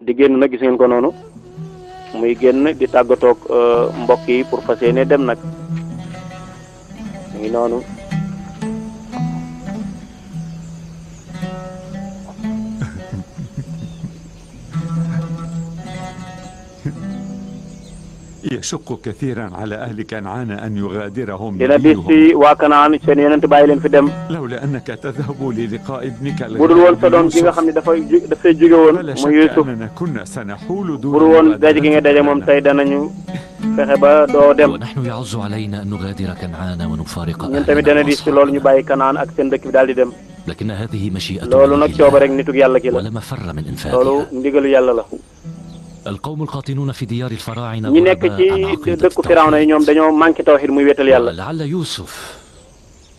di génn nag gis ko noonu muy génn di tàggatoog euh, mbokk yi pour fas yéene dem nag muy noonu يشق كثيرا على أهل كنعان أن يغادرهم dina bis ci waa Kanaan seen yonent bàyyi leen fi dem لولا أنك تذهب للقاء ابنك budul woon sa doom gi nga xam ne dafay dafay jóge woon muy Yuusuf budul woon daje gi nga daje moom tey danañu fexe ba doo dem ñun tamit dana diis ci loolu ñu bàyyi Kanaan ak seen dëkk bi daal di dem loolu nag cooba rek nituk yàlla gi la loolu ndigalu yàlla la ñi nekk ci dëkku firawna yi ñoom dañoo manqué tawxiid muy wéetal yàlla te Yuusuf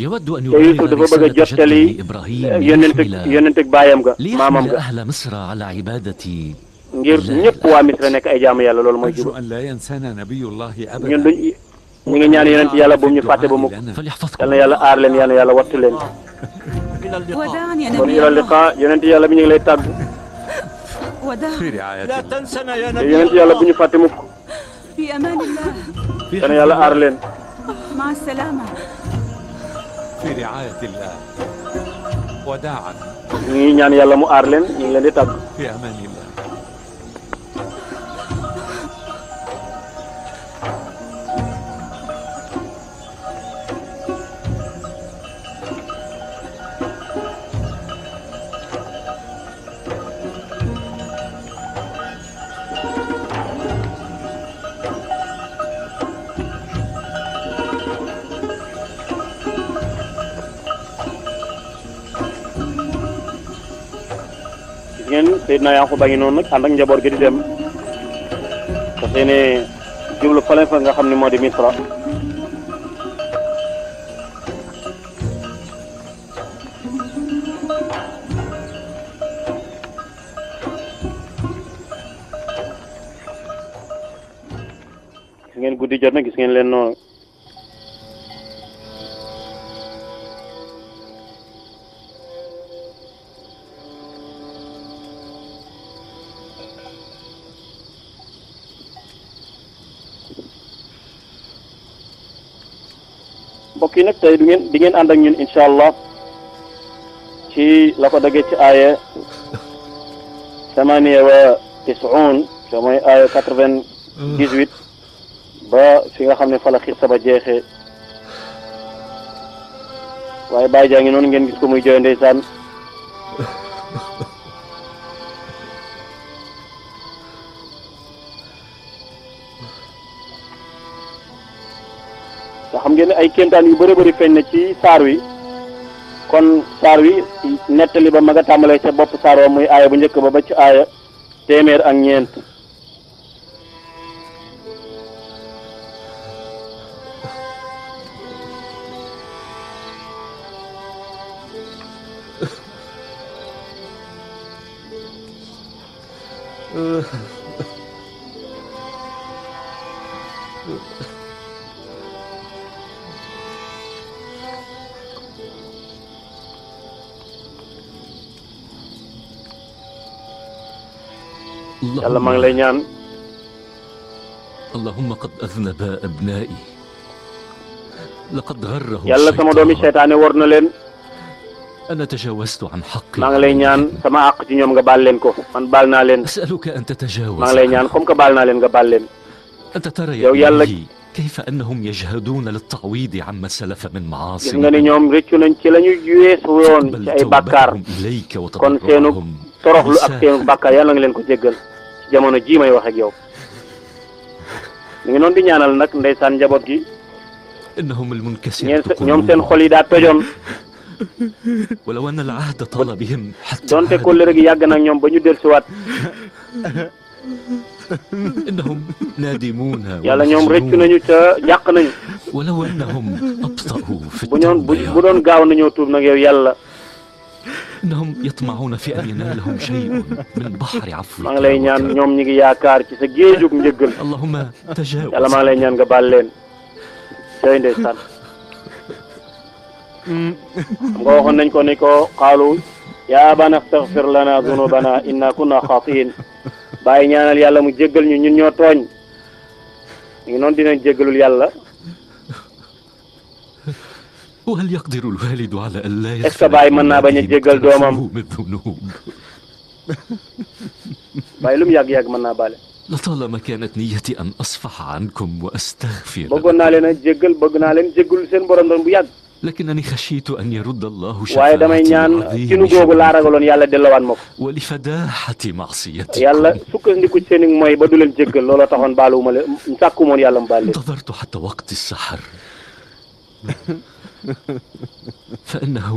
dafa bëgg a jottali yonent yonent ak baayam ga maamam ga ngir ñëpp waa Misra nekk ay jaamu yàlla loolu mooy jubal ñun duñ ñu ngi ñaan yonent yàlla bu ñu fàtte ba mukk yal na yàlla aar leen yal na yàlla wattu leen kon ila liqa yonent yàlla bi ñu ngi lay tàggu fi riaayati la tansana ya nabi yonent yàlla bu ñu fàtte fi amanillah yal na yàlla aar leen ma salama fi riaayatillah wadaan ñu ngi ñaan yàlla mu aar leen ñu ngi leen di tàgg fi amanillah Seydina Yankuba ngi noonu nag ànd ak njaboot gi di dem te seeni jublu fële nga xam ni moo di Misra gis ngeen guddi jot na gis ngeen leen noonu yi nag tey du ngeen di ngeen ànd ak ñun incha allah ci la ko dagge ci aaya samaniya wa tisuun so mooy aaya quatre-vingt-dix-huit ba fi nga xam ne fala xis ba jeexee waaye bàyyi jaa ngi noonu ngeen gis ko muy jooy ndeysaan te xam ngeen ne ay kéemtaan yu bëri bëri feeñ na ci saar wi kon saar wi nettali ba ma nga tàmbalee ca bopp saar wa muy aaya bu njëkk ba ba ci aaya téeméer ak ñeent yàlla maa ngi lay ñaan allahumma qad aznaba abnaa'i laqad gharrahu yàlla sama doomi seytaane war na leen ana tajaawastu an haqqi maa ngi lay ñaan sama àq ci ñoom nga baal leen ko man baal naa leen as'aluka an tatajaawaz maa ngi lay ñaan comme que baal naa leen nga baal leen anta tara yow yàlla kayfa annahum yajhaduuna lit-ta'wiid amma salafa min ma'aasi gis nga ni ñoom rëccu nañ ci la ñu weesu woon ci ay bàkkaar kon seenu toroxlu ak seenu bàkkaar yàlla nga leen ko jéggal ci jamono jii may wax ak mu ngi noon di ñaanal nag ndeysaan njaboot gi ñoom seen xol yi daa tojoon donte kóllëre gi yàgg nag ñoom ba ñu dellusiwaat innahum naadimuuna yàlla ñoom rëccu nañu ca jàq nañu walaw annahum abtau bu ñoon bu doon gaaw nañoo tuub nag yow yàlla إنهم يطمعون في أن ينالهم شيء من بحر عفوك maa ngi lay ñaan ñoom ñi ngi yaakaar ci sa géejug njëggal allahumma tajaaw yàlla maa ngi lay ñaan nga baal leen sey ndeysaan xam nga waxoon nañ ko ni ko xaalu yaa abana astaghfir lana zunubana inna kunna xaatiin bàyyi ñaanal yàlla mu jéggal ñu ñun ñoo tooñ ñu ngi noonu dinañ jéggalul yàlla وهل يقدر الوالد على ألا est-ce que baay mën naa bañ a jéggal doomam baay lu mu yàgg yàgg mën naa baale لطالما كانت نيتي أن أصفح عنكم وأستغفر bëggoon naa leen a jéggal bëgg naa leen jéggul seen borom doon bu yàgg لكنني خشيت أن يرد الله شفاعتي waaye damay ñaan cinu googu laa ragaloon yàlla delluwaat ma ko ولفداحة معصيتي yàlla sukkandiku seen mooy ba du leen jéggal looloo taxoon baaluwuma leen sàkkumoon yàlla mu baal leen انتظرت حتى وقت السحر فانه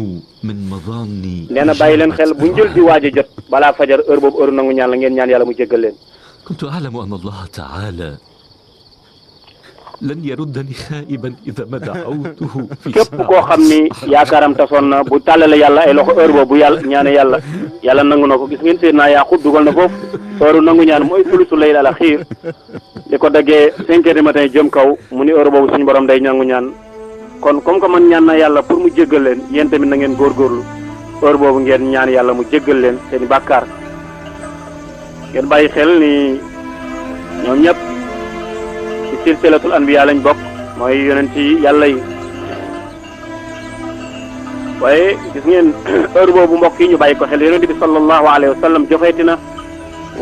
من مظاني nee na bàyyi leen xel bu njël di waaj a jot balaa fajar heure boobu heure nangu ñaan la ngeen ñaan yàlla mu jéggal leen كنت أعلم أن الله تعالى لن يردني خائبا إذا ما دعوته في képp koo xam ni yaakaaram tasoon na bu tàllale yàlla ay loxo heure boobu yàlla ñaane yàlla yàlla nangu na ko gis ngeen Seydina Yaaqub dugal na foofu heure nangu ñaan mooy sulusu layl al axiir di ko daggee cinq jëm kaw mu ni heure boobu suñu borom day nangu ñaan kon comme que man ñaan na yàlla pour mu jéggal leen yéen tamit na ngeen góorgóorlu heure boobu ngeen ñaan yàlla mu jéggal leen seeni i bàkkaar ngeen bàyyi xel ni ñoom ñëpp ci silsilatul anbiya lañ bokk mooy yonent yi yàlla yi waaye gis ngeen heure boobu mbokk yi ñu bàyyi ko xel yonent bi sallallahu alayhi wa sallam joxeeti na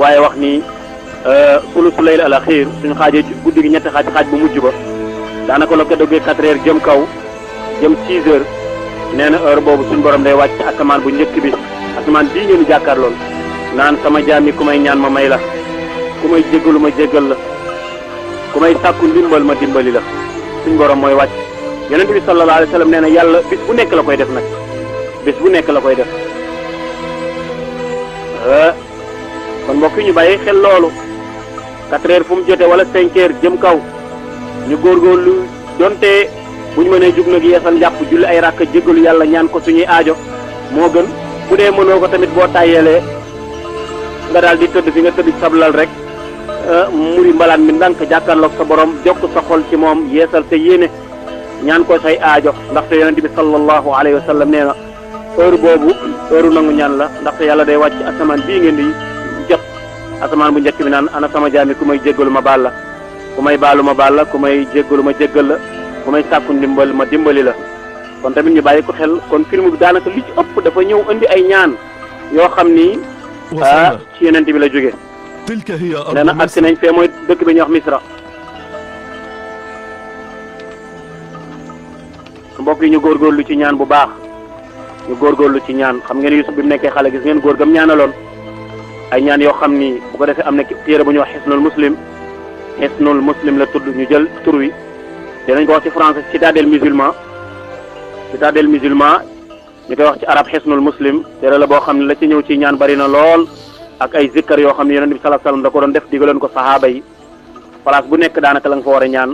waaye wax ni euh, sulusu layl al axir suñu xaajee guddi gi ñetti xaaj xaaj bu mujj ba daanaka la ko déggee quatre heures jëm kaw jëm six heures nee na heure boobu suñu borom day wàcc asamaan bu njëkk bi asamaan bii ngeen jàkkaarlool naan sama jaam yi ku may ñaan ma may la ku may jéggalu ma jéggal la ku may sàkku ndimbal ma dimbali la suñu borom mooy wàcc yonent bi sallallahu alayhi wa sallam nee na yàlla bis bu nekk la koy def nag bis bu nekk la koy def ah, kon mbokk yi ñu bàyyi xel loolu quatre heures fu mu jotee wala cinq heures jëm kaw ñu góor góorgóorlu jonte bu ñu mënee jug nag yeesal njàpp julli ay rakk jéggalu yàlla ñaan ko suñuy aajo moo gën bu dee mënoo ko tamit boo tàyyeelee nga daal di tëdd fi nga tëdd sablal rek euh, muri mbalaan mi ndànk jàkkaarloog sa borom jokk sa xol ci moom yeesal sa yéene ñaan ko say aajo ndaxte yonent bi sallallahu alayhi wa sallam nee na heure boobu heure nangu ñaan la ndaxte yàlla day wàcc asamaan bii ngeen di jot asamaan bu njëkk bi naan ana sama jaami ku may jéggalu ma baal la ku may baalu ma baal la ku may jéggalu ma jéggal la ku may sàkku ndimbal ma dimbali la kon tamit ñu bàyyi ko xel kon film bi daanaka li ci ëpp dafa ñëw indi ay ñaan yoo xam ni ah ci yeneen bi la jóge nee na agsi nañ fee mooy dëkk bi wax Misra mbokk yi ñu góorgóorlu ci ñaan bu baax ñu góorgóorlu ci ñaan xam ngeen Yusuf bi mu nekkee xale gis ngeen góor gam ñaanaloon ay ñaan yoo xam ni bu defee am na téere bu ñuy wax xisnul muslim Hisnul Muslim la tudd ñu jël tur wi dinañ ko wax ci français citadelle musulman citadelle musulman ñu koy wax ci arab Hisnul Muslim téere la boo xam ne la ci ñëw ci ñaan bari na lool ak ay zikkar yoo xam ne yonent bi sallallahu alayhi wasallam da ko def digaloon ko sahaaba yi place bu nekk daanaka la nga fa war a ñaan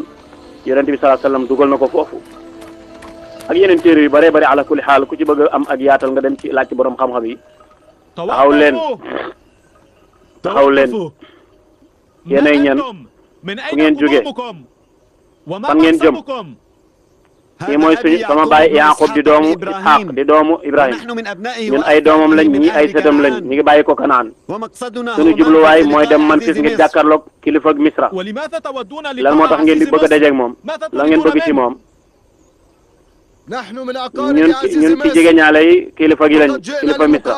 yonent bi sallallahu alayhi wasallam dugal na ko foofu ak yeneen téere yu bëree bëri ala kulli xaal ku ci bëgg am ak yaatal nga dem ci laaj ci borom xam-xam yi taxaw leen taxaw leen yéenay ñan fu ngeen jógee fan ngeen jëm kii mooy suñu sama baay Yaaqub di doomu Isxaaq di doomu Ibrahim ñun ay doomam lañ ñi ay sëtam lañ ñu ngi bàyyi ko Kanaan suñu jubluwaay mooy dem Memphis ngir jàkkaarloog kilifa ak Misra lan moo tax ngeen di bëgg a dajeeg moom lan ngeen bëgg ci moom ñun ci ñun ci jege ñaale yi kilifa gi lañ kilifa Misra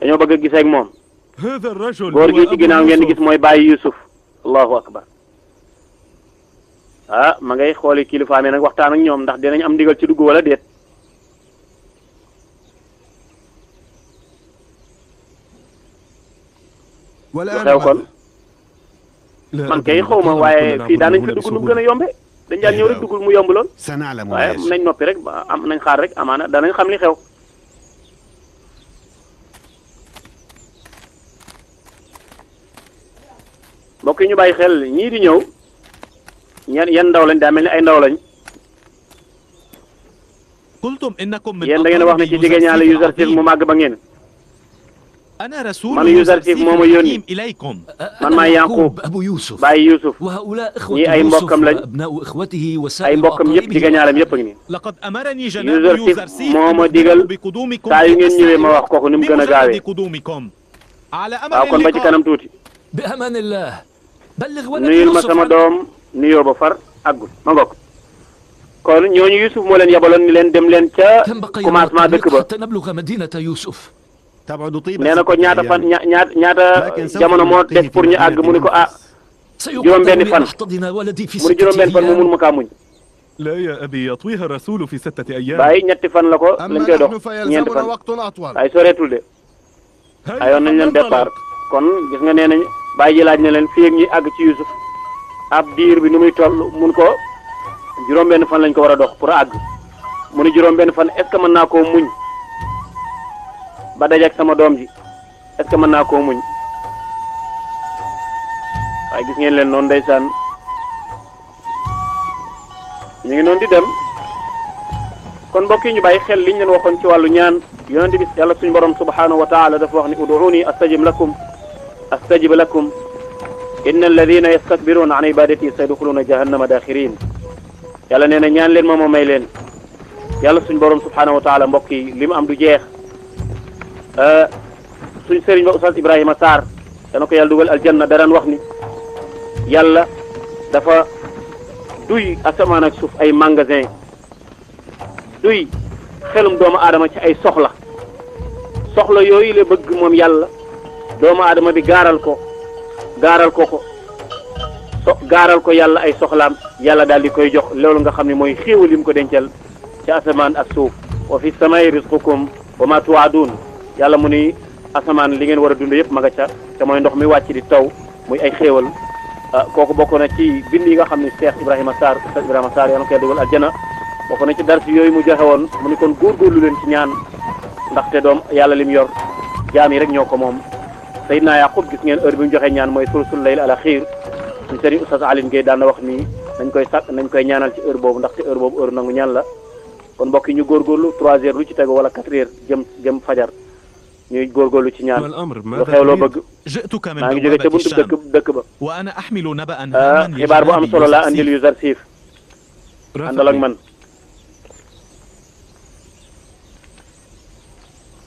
dañoo bëgg a gisee moom góor gi ci ginnaaw ngeen di gis mooy baay Yusuf allahu akbar ah ma ngay xooli kilifaam yi nag waxtaan ak ñoom ndax dinañ am ndigal ci dugg wala déet lu xew kon man kay xaw ma waaye fii daan nañ fi dugg nu gën a yombe dañ daan ñëw rek dugg mu yomb lool waaye nañ noppi rek am nañ xaar rek amaana danañ xam li xew mbokk ñu bàyyi xel ñii di ñëw yan yan ndaw lañ daa mel ni ay ndaw lañ. yéen da ngeen wax ne ci jigéen ñaale Yuzarsif mu màgg ba ngeen. man Yuzarsif moo ma yónni man maa Yaquub bàyyi Yuusuf ñii ay mbokkam lañ ay mbokkam yëpp jigéen ñaaleem yëpp a ngi nii. Yuzarsif moo ma digal saa yu ngeen ñëwee ma wax ni mu gën a gaawee. waaw kon ba ci kanam tuuti. nuyul ma sama nuyoo ba far àggul ma ngokk kon ñooñu Youssouf moo leen yabaloon ni leen dem leen ca commencement dëkk ba nee na ko ñaata fan ñaata ñaata jamono moo des pour ñu àgg mu ne ko ah juróom-benni fan mu ne juróom-benni fan mu mun ma kaa muñ. bàyyi ñetti fan la ko lañ koy dox ñeenti fan waaye soreetul de ayoon nañ leen départ kon gis nga nee nañ bàyyi ji laaj na leen fi ak ñuy àgg ci Youssouf. ab diir bi ni muy toll mun ko juróom-benn fan lañ ko war a dox pour àgg mu juróom-benn fan est ce mën naa koo muñ ba dajeeg sama doom ji est ce mën naa ko muñ waaye gis ngeen leen noonu ndeysaan ñu ngi noonu di dem kon mbokk yi ñu bàyyi xel liñ leen waxoon ci wàllu ñaan di bi yàlla suñu borom subhanahu wa taala dafa wax ni uduuni astajib lakum astajib lakum inna alladina yastakbiruuna an ibadati sayduxuluuna jahannama daaxirin yàlla nee na ñaan leen ma ma may leen yàlla suñ borom subhanahu wa taala mbokk yi li mu am du jeex euh, suñ sëriñ ba oustaz Ibrahima Sarr dana ko yàlla dugal aljanna daraan wax ni yàlla dafa duy asamaan ak suuf ay magasin duy xelum doomu aadama ci ay soxla soxla yooyu la bëgg moom yàlla doomu aadama bi gaaral ko gaaral ko ko so gaaral ko yàlla ay soxlaam yàlla daal di koy jox loolu nga xam ni mooy xéewal yim ko dencal ci asamaan ak suuf wa fi samay risqukum wa ma tuwaadun yàlla mu ni asamaan li ngeen war a dund yëpp ma nga ca te mooy ndox mi wàcc di taw muy ay xéewal ah, kooku bokk na ci bind yi nga xam ne Cheikh Ibrahima Sarr Cheikh Ibrahima Sarr yàlla na koy dugal aljana bokk na ci dars yooyu mu joxe mu ni kon góorgóorlu leen ci ñaan ndaxte doom yàlla lim yor jaam rek ñoo ko moom Seydina Yaqub gis ngeen heure bi mu joxee ñaan mooy sulusul layl al axiir suñ sëriñ Oustaz Alioune Guèye daan na wax ni nañ koy sàkk nañ koy ñaanal ci heure boobu ndaxte heure boobu heure nangu ñaan la kon mbokk yi ñu góorgóorlu 3 heures lu ci tegu wala 4 heures jëm jëm fajar ñuy góorgóorlu ci ñaan lu xew loo bëgg maa ngi jóge ca buntu dëkk dëkk ba ah, xibaar bu am solo la andil yu zarsiif àndal ak man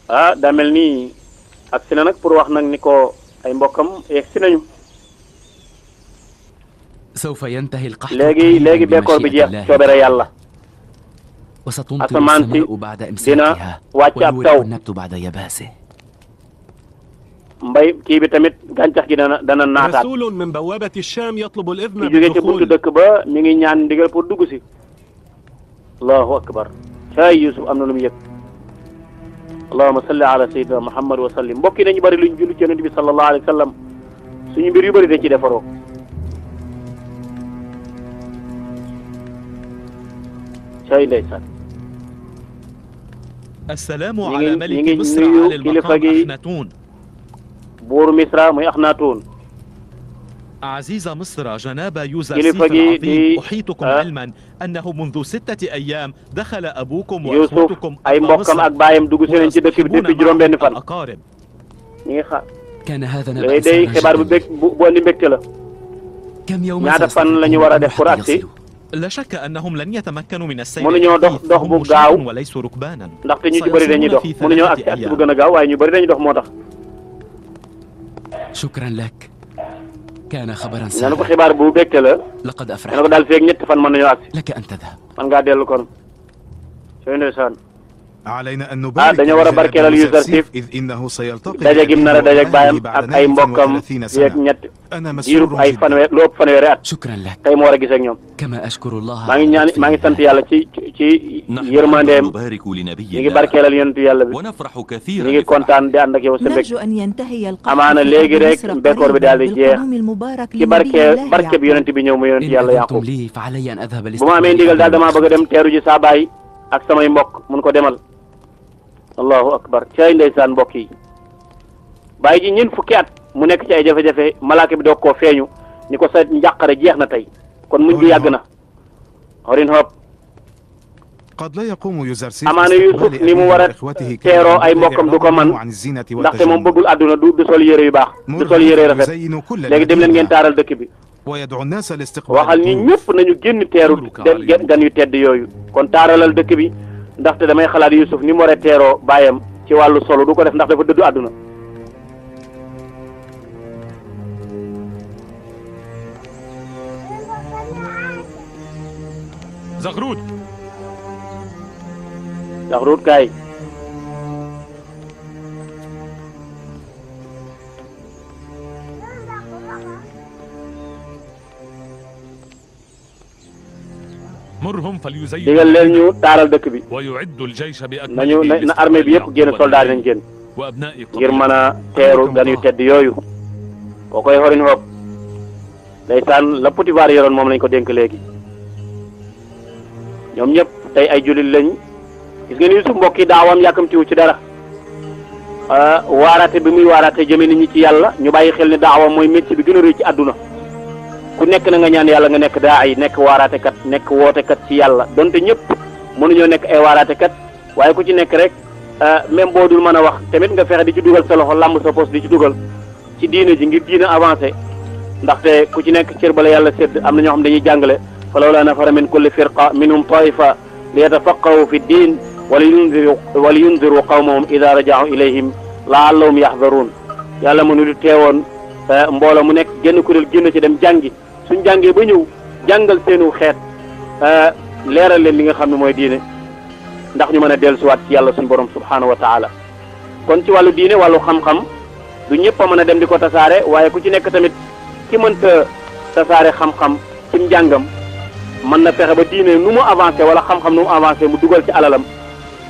ah daa mel nii ak si na nag pour wax nag ni ko ay mbokkam yegg si nañu sawfa yantahi al qahtu léegi léegi bekkoor bi jeex coobere yàlla asamaan si dina wàcc ab taw mbay kii bi tamit gàncax gi dana dana naataat ki jóge ci buntu dëkk ba mi ngi ñaan ndigal pour dugg si Yuusuf am na lu mu allahuma salli ala sayyidina muhammad wa sallim mbokk yi nañu bëri luñ julli ci yonent bi sallallahu alayhi wa sallam suñu mbir yu bëri da ci defaroo cay ndeysaan assalaamu ala maliki misra ala al kilifa gi buur misra muy axnaatuun aziza misra janaba yuza kilifa gi di أنه منذ ستة أيام دخل أبوكم وأخوتكم الأقارب كان هذا نبأ day xibaar bu bég bu andi mbégte la ñaata fan la ñu war a def pour agsi لا شك أنهم لن يتمكنوا من السير mënuñoo dox dox bu gaaw وليسوا ركبانا ndaxte ñu ci bëri dañuy dox mënuñoo agsi agsi bu gën a gaaw waaye ñu bëri dañuy dox moo tax شكرا لك kaana xabaran sa ne ko xibaar bu bégte la laqad afrax ne ko daal feeg ñetti fan mën nañoo agsi laka an tadhab man ngaa dellu kon sooy ndeysaan ah dañoo war a barkeelal Youssouf daje gim nar a dajeeg baayam ak ay mbokkam yeeg ñett diirub ay fanweer lu ëpp fanweeri at tey mu war a gis ak ñoom maa ngi ñaan maa ngi sant yàlla ci ci yërmandeem ñu ngi barkeelal yonentu yàlla bi ñu ngi kontaan di ànd ak yow sa mbég amaana léegi rek mbékoor bi daal di jeex ci barke barke bi yonent bi ñëw mu yonentu yàlla Yaqub bu ma amee ndigal daal damaa bëgg a dem teeru ji saa baay ak samay mbokk mun ko demal allahu akbar caay ndeysaan mbokk yi bàyyi ji ñeent fukki at mu nekk ci ay jafe-jafe malaaka bi doog koo feeñu ni ko sa njàqare jeex na tey kon mu mujj yàgg na xorin xob amaana Yuusuf ni mu war a teeroo ay mbokkam du ko man ndaxte moom bëggul àdduna du du sol yére yu baax du sol yére yu rafet léegi dem leen ngeen taaral dëkk bi waxal ni ñëpp nañu génn teeru gan yu tedd yooyu kon taaralal dëkk bi ndaxte damay xalaat Yuusuf ni mu war a teeroo baayam ci wàllu solo du ko def ndax dafa dëddu àdduna Zaxrut Zaxrut kaay digal leen ñu taaral dëkk bi nañu na armée bi yëpp génn soldaar yi nañ génn ngir mën a teeru gan yu tedd yooyu koo koy xorin xoog ndeysaan la Potifar yoroon moom lañ ko dénk léegi ñoom ñëpp tey ay jullit lañ gis ngeen Yuusuf mbokk yi daawam yàkkamtiwu ci dara ah, waaraate bi muy waaraate jëme nit ñi ci yàlla ñu bàyyi xel ne daawam mooy métier bi gën a rëy ci àdduna ku nekk na nga ñaan yàlla nga nekk daa ay nekk kat nekk kat ci yàlla donte ñëpp mënuñoo nekk ay kat waaye ku ci nekk rek euh, même boo dul mën a wax tamit nga fexe di ci dugal sa loxo làmb sa poos di ci dugal ci diina ji ngir diine avancé ndaxte ku ci nekk cër bala yàlla sedd am na ñoo xam dañuy jàngale fa lawlaa nafara min kulli firqa minhum taifa li yatafaqahu fi din wala yunziru wala yunziru qawmahum ida rajahu ilayhim laallahum yaxdaruun yàlla mënu lu teewoon euh, mbooloo mu nekk génn kuréel génn ci dem jàngi suñ jàngee ba ñëw jàngal seenu xeet euh, leeral leen li nga xam ne mooy diine ndax ñu mën a dellusiwaat ci yàlla suñ borom subhaanahu wa taala kon ci wàllu diine wàllu xam-xam du ñëpp a mën a dem di ko tasaare waaye ku ci nekk tamit ki mënta tasaare xam-xam ci njàngam mën na fexe ba diine nu mu avancé wala xam-xam nu mu avancé mu dugal ci alalam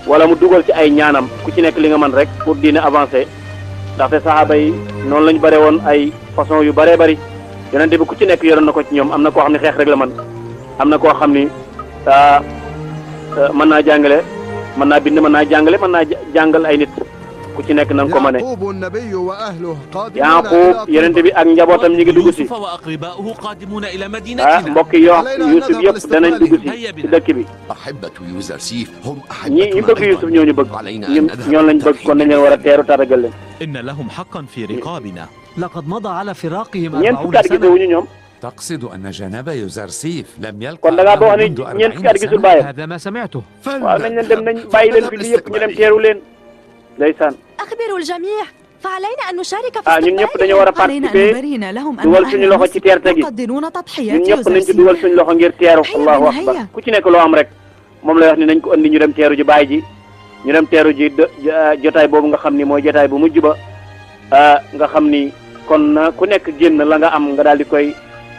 wala mu dugal ci ay ñaanam ku ci nekk li nga mën rek pour diine avancé ndaxte saxaaba yi noonu lañu bare woon ay façon yu bare bari yonente bi ku ci nekk yoroon na ko ci ñoom am na koo xam ne xeex rek man am na koo xam ni ah, ah, mën naa jàngale mën naa bind mën naa jàngale mën naa jàngal ay nit ku ci nekk na nga ko mane Yaaqub yonente bi ak njabootam ñi ngi dugg si ah mbokk yi Yuusuf yëpp danañ dugg si si dëkk bi ñi ñu bëgg Yuusuf ñoo ñu bëgg ñoo lañ bëgg kon nañ leen war a teeru tàggal leen. لقد مضى على فراقهم 40 سنة تقصد أن جناب يوزرسيف لم يلقى منذ 40 سنة هذا ما سمعته أخبروا الجميع فعلينا أن نشارك في استقبالهم علينا أن نبرهن لهم أن أهل مصر يقدرون تضحيات يوزرسيف الله أكبر ku ci nekk loo am rek moom la wax ne nañ ko andi ñu dem teeru ji baay ji ñu dem teeru ji jotaay boobu nga xam ni mooy jotaay bu mujj ba nga xam ni kon ah, ku nekk génn la nga am nga daal di koy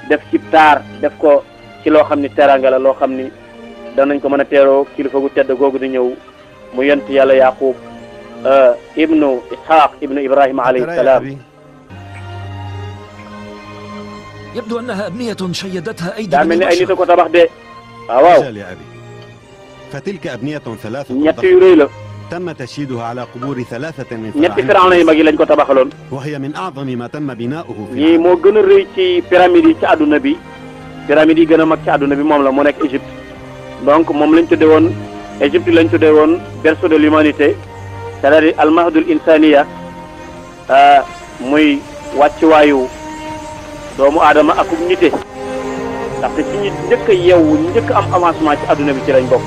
def ci taar def ko ki loo xam ni teraanga la loo xam ni danañ ko mën a teeroo kilifa gu tedd googu di ñëw mu yent yàlla yaqub ah, ibnu ishaq ibnu ibrahima alayhi salaam يبدو أنها أبنية شيدتها أيدي daa mel ni ay nit a ko tabax de ah, waaw waaw فتلك أبنية ثلاث ñett la تم تشييدها على قبور ثلاثة من ñetti firawna yu mag yi lañ ko tabaxaloon. وهي من أعظم ما تم بناؤه. ñii moo gën a rëy ci pyramide yi ci àdduna bi pyramide yi gën a mag ci àdduna bi moom la mu nekk Égypte donc moom lañ tuddee woon Égypte lañ tuddee woon berceau de l'humanité c'est-à-dire almahdul insaniya euh, muy wàccuwaayu doomu adama akum nite ndaxte ci ñi njëkk a yeewu njëkk am avancement ci àdduna bi ci lañ bok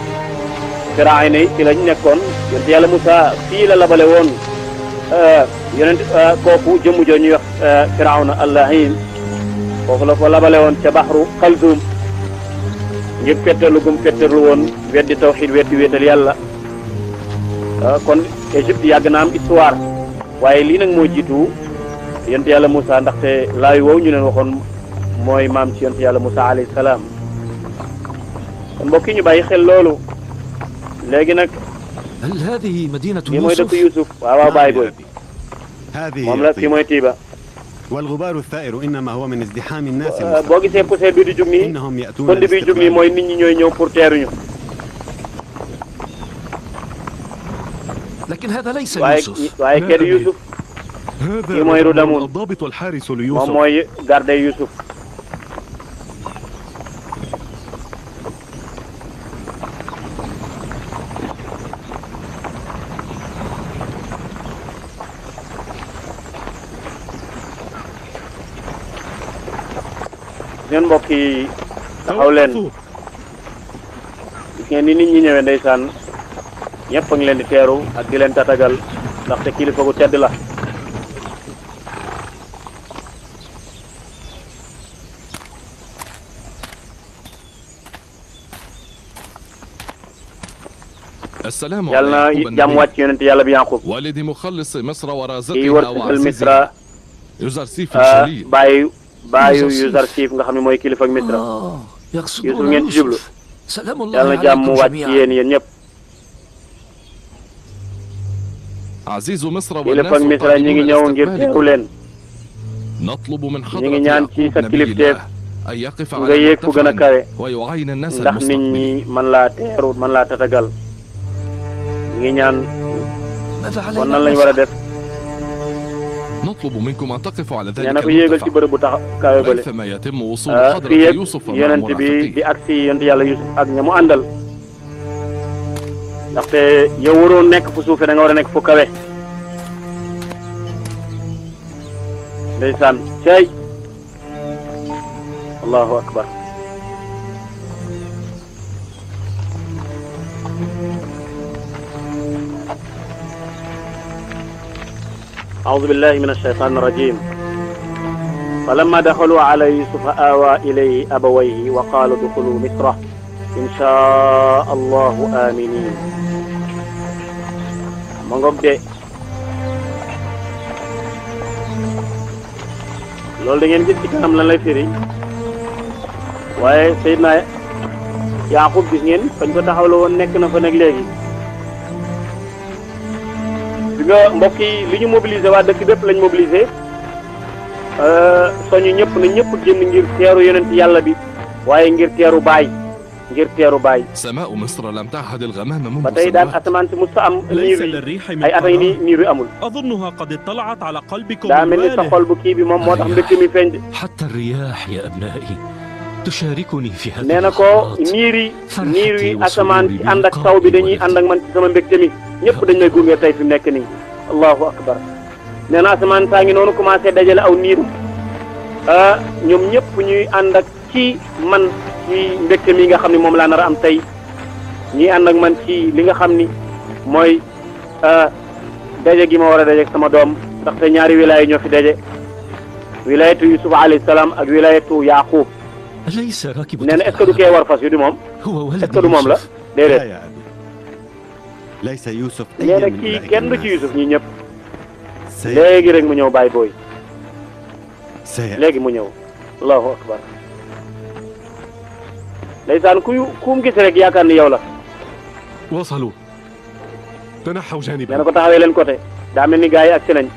firaay na ci lañ nekkoon yonent yàlla Moussa fii la labale woon euh, yonent euh, kooku jëmm joo ñuy wax euh, firawna allahim foofu la ko labale woon ca baxru xalduum ngir fetteerlu gum fetteerlu woon weddi tawxiid weddi wéetal yàlla kon Égypte yàgg na am histoire waaye lii nag moo jiitu yonent yàlla Moussa ndaxte laay wow ñu leen waxoon mooy maam ci yonent yàlla Moussa alayhi salaam kon mbokk ñu bàyyi xel loolu léegi nag. hal haadihi madinatu Yuusuf. lii mooy dëkk Yuusuf waaw waaw bàyyi booy. moom la fii mooy Tiiba. والغبار الثائر إنما هو من ازدحام الناس boo gisee poussière bi di jug nii. إنهم يأتون pënd bi jug nii mooy nit ñi ñooy ñëw pour teeruñu. لكن هذا ليس يوسف. waaye waaye kenn Youssouf. kii mooy Rudamun. الضابط الحارس ليوسف. moom mooy gardé Youssouf. mbokk yi taxaw leen gis ni nit ñi ñëwee ndeysaan ñëpp leen di teeru ak di leen tatagal te kilifa gu tedd la yàlla na jàmm bàyyu Yuusuf nga xam ne mooy kilifa ak Misra oh, Yuusuf ngeen ci jublu yàlla na jàmm wàcc yéen yéen ñëpp kilifa ak Misra ñi ngi ñëw ngir teew leen ñi ngi ñaan ci sa kilifteef nga yéeg a kawe ndax nit ñi man laa teeru man laa tatagal ñi ngi ñaan kon nan lañ war a def نطلب منكم أن تقفوا على ذلك المرتفع ليس ما يتم وصول حضرة يوسف مع المنافقين ndaxte yow waroo nekk fu suufee da nga war a nekk fu kawe ndeysaan cey allahu akbar أعوذ بالله من الشيطان الرجيم فلما دخلوا على يوسف آوى إليه أبويه وقالوا ادخلوا مصر إن شاء الله آمنين ma ngoog de loolu da ngeen gis ci kanam lan lay firi waaye Seydina Yaaqub gis ngeen fañ ko taxawloo woon nekk na fa nag léegi di nga mbokk yi li ñu mobilisé waa dëkk bépp lañ mobilisé euh, soñu ñëpp na ñëpp génn ngir teeru yonent yàlla bi waaye ngir teeru baay ngir teeru baay ba tey daal asamaan si musta am niir yi ay at yi nii niir yi amul daa mel ni sa xol bu kii bi moom moo tax mbégte mi feeñ de nee na ko niir yi niir yi asamaan si ànd ak taw bi dañuy ànd ak man ci sama mbégte ñépp dañ lay gunge tey fi mu nekk nii allahu akbar nee na asamaan saa ngi noonu commencé dajale aw niir ah, ñoom ñëpp ñuy ànd kii man ci mbégte mi nga xam ni moom laa nar a am tey ñuy ànd man ci li nga xam ni mooy ah, daje gi ma war a daje sama doom ndaxte ñaari wilaya ñoo fi daje wilayatu Yusuf alayhi salaam ak wilayatu Yaaqub nee na est-ce que du kee war fas yu di moom est moom la déedéet. laysa yusuf nee na kii kenn ci yusuf ñëpp léegi rek mu ñëw bàyyi booy léegi mu ñëw allahu akbar ndeysaan ku kum gis rek yaakaar ni yow la wasalu tanaxaw janib nee na ko taxawee leen côté daa mel ni gars yi ak si nañ